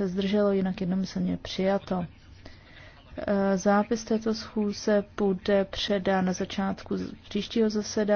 se zdrželo, jinak jednomyslně přijato. E, zápis této schůze bude předán na začátku příštího zasedání.